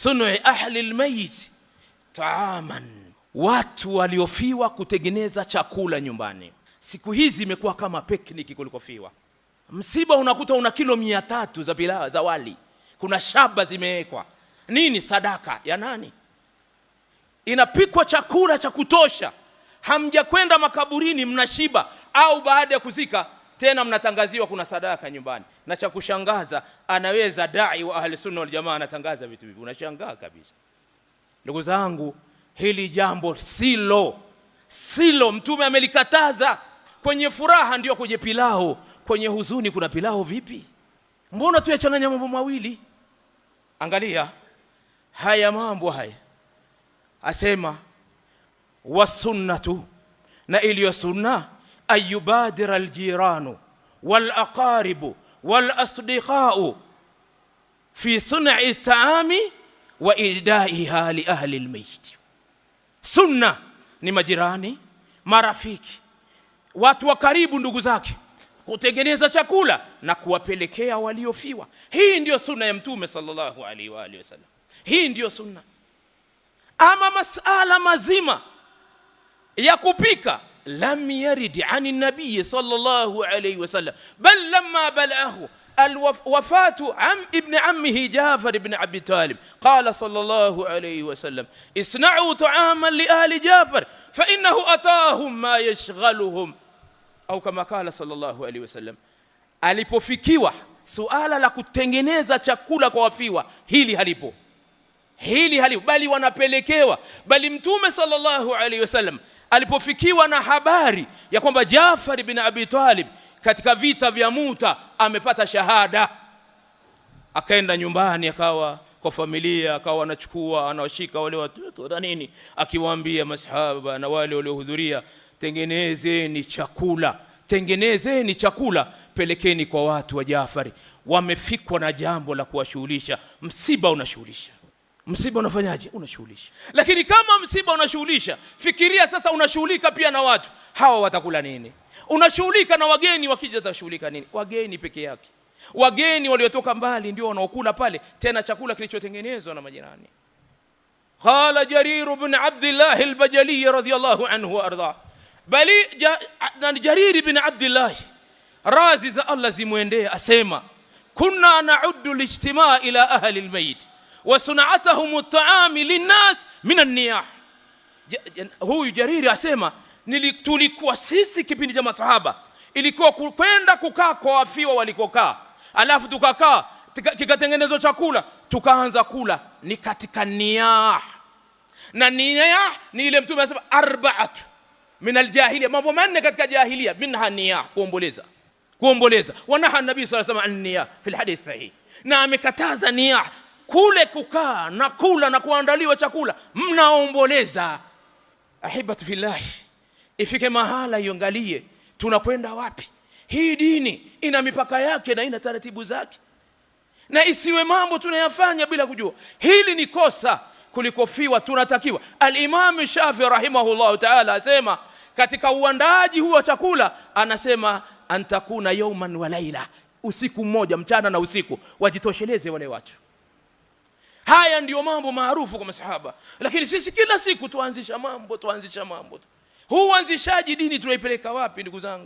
sunu ahli lmayiti taaman, watu waliofiwa kutengeneza chakula nyumbani. Siku hizi imekuwa kama pekniki kulikofiwa Msiba unakuta una kilo mia tatu za pilau za wali, kuna shaba zimewekwa nini, sadaka ya nani, inapikwa chakula cha kutosha, hamjakwenda makaburini, mnashiba au baada ya kuzika tena mnatangaziwa kuna sadaka nyumbani. Na cha kushangaza, anaweza dai wa ahli sunna wal jamaa anatangaza vitu hivi, unashangaa kabisa. Ndugu zangu, hili jambo silo silo, Mtume amelikataza. Kwenye furaha ndio kwenye pilau, kwenye huzuni kuna pilau vipi? Mbona tuyachanganya mambo mawili? Angalia haya mambo haya, asema wasunnatu, na iliyo sunna an yubadira aljiranu walaqaribu walasdiqau fi sunai taami wa idaiha liahli lmeiti. Sunna ni majirani, marafiki, watu wa karibu, ndugu zake, kutengeneza chakula na kuwapelekea waliofiwa. Hii ndiyo sunna ya Mtume sallallahu alaihi wa alihi wasallam. Hii ndiyo sunna. Ama masala mazima ya kupika لم يرد عن النبي صلى الله عليه وسلم بل لما بلغه وفاة عم ابن عمه جعفر بن عبد طالب قال صلى الله عليه وسلم اصنعوا طعاما لأهل جعفر فإنه أتاهم ما يشغلهم أو كما قال صلى الله عليه وسلم ألبو فيكيوة سؤال لك تنجنيزة شكولة وفيوة هيلي هليبو هيلي هلبو بل ونبلكيوة بل امتوم صلى الله عليه وسلم alipofikiwa na habari ya kwamba Jafari bin Abi Talib katika vita vya Muta amepata shahada, akaenda nyumbani, akawa kwa familia, akawa anachukua anawashika wale watoto na nini, akiwaambia masahaba na wale waliohudhuria, tengenezeni chakula, tengenezeni chakula, pelekeni kwa watu wa Jafari, wamefikwa na jambo la kuwashughulisha, msiba unashughulisha msiba unafanyaje? Unashughulisha. Lakini kama msiba unashughulisha, fikiria sasa, unashughulika pia na watu hawa, watakula nini? Unashughulika na wageni, wakija watashughulika nini? Wageni peke yake, wageni waliotoka mbali ndio wanaokula pale, tena chakula kilichotengenezwa na majirani. Qala Jarir bn Abdillah al-Bajali radhiyallahu anhu wa arda, bali Jarir bin Abdillah razi za Allah zimwendee asema, kunna naudu lijtimaa ila ahli almayit wa sunaatahum taami linnas min anniyah. Huyu Jariri asema tulikuwa sisi kipindi cha masahaba ilikuwa kwenda kukaa kwa wafiwa walikokaa, alafu tukakaa kikatengenezwa chakula tukaanza kula, ni katika niyah. Na niyah ni ile Mtume anasema arbaatu min aljahilia, mambo manne katika jahilia, minha niyah, kuomboleza kuomboleza. Wanaha nabii sallallahu alayhi wasallam an niyah fi alhadith sahih, na amekataza niyah kule kukaa na kula na kuandaliwa chakula, mnaomboleza. Ahibatu fillahi, ifike mahala iangalie tunakwenda wapi. Hii dini ina mipaka yake na ina taratibu zake, na isiwe mambo tunayafanya bila kujua. Hili ni kosa kulikofiwa. Tunatakiwa, Alimamu Shafi rahimahullahu taala asema katika uandaji huu wa chakula, anasema antakuna yauman wa laila, usiku mmoja, mchana na usiku, wajitosheleze wale watu Haya ndiyo mambo maarufu kwa masahaba, lakini sisi kila siku tuanzisha mambo tuanzisha mambo. Huu uanzishaji dini tunaipeleka wapi, ndugu zangu?